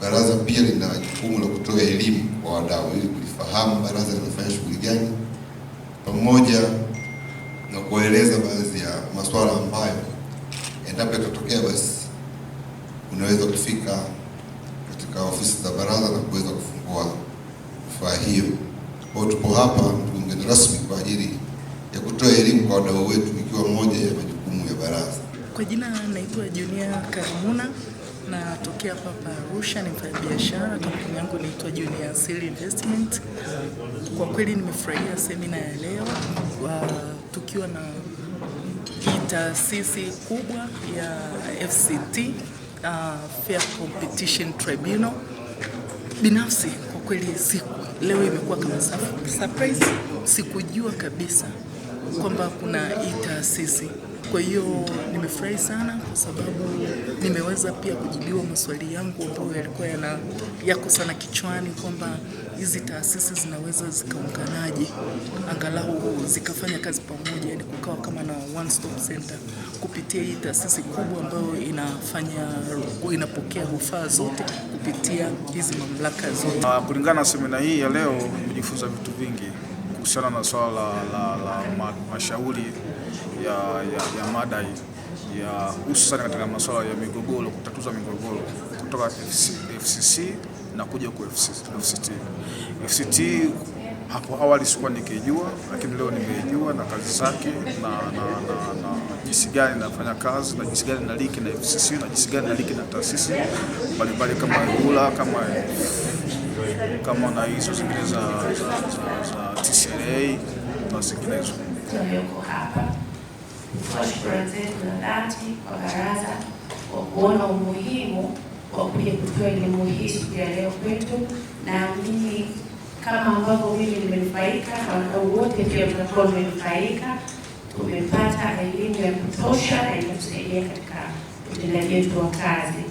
Baraza pia lina jukumu la kutoa elimu kwa wadau ili kulifahamu baraza linafanya shughuli gani, pamoja na kueleza baadhi ya masuala ambayo endapo yatatokea, basi unaweza kufika katika ofisi za baraza na kuweza kufungua rufaa hiyo. Kwa hiyo tupo hapa mgeni rasmi kwa ajili ya kutoa elimu kwa wadau wetu, ikiwa moja ya majukumu ya baraza. Kwa jina naitwa Junia Karumuna. Natokea hapa Arusha, ni mfanyabiashara. Kampuni yangu inaitwa Junior Seal Investment. Kwa kweli nimefurahia semina ya leo tukiwa na taasisi kubwa ya FCT uh, Fair Competition Tribunal. Binafsi kwa kweli siku leo imekuwa kama surprise, sikujua kabisa kwamba kuna hii taasisi. Kwa hiyo nimefurahi sana kwa sababu nimeweza pia kujibiwa maswali yangu ambayo yalikuwa yana yako sana kichwani kwamba hizi taasisi zinaweza zikaunganaje angalau zikafanya kazi pamoja, yani kukawa kama na one stop center kupitia hii taasisi kubwa ambayo inafanya inapokea rufaa zote kupitia hizi mamlaka zote. Kulingana na semina hii ya leo, nimejifunza vitu vingi kuhusiana na swala la, la, la mashauri ya, ya, ya madai ya hususan katika masuala ya migogoro, kutatuza migogoro kutoka FCC na kuja kwa FCT. FCT hapo awali sikuwa nikijua, lakini leo nimejua na kazi zake na, na, na, na jinsi gani nafanya kazi na jinsi gani naliki na FCC na jinsi gani naliki na taasisi mbalimbali kama ula kama kama na hizo zingine za, za, za, za TCRA na zinginezo. Walioko hapa kutoa zetu za dhati kwa baraza kwa kuona umuhimu wa kuja kutoa elimu hii siku ya leo kwetu, na mimi kama ambavyo mimi nimenufaika na wote pia tutakuwa tumenufaika. Tumepata elimu ya kutosha na inatusaidia katika utendaji wetu wa kazi.